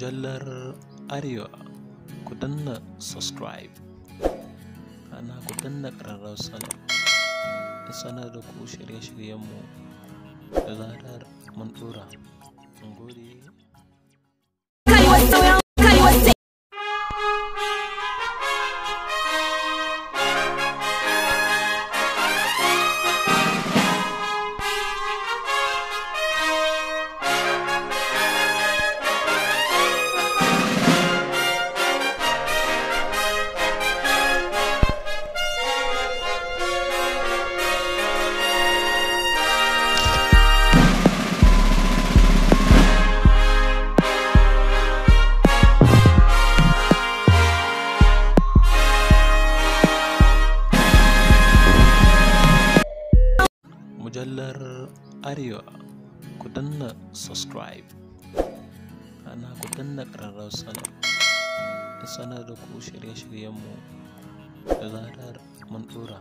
mujallar Arewa ku danna subscribe ana ku danna ƙararrawar sanar da sanar da ku shirye-shiryenmu da zarar mun ɗora. gode. mujallar Arewa ku danna subscribe ana ku danna ƙararrawar sanar da sanar da ku shirye-shiryenmu da zarar mun ɗora.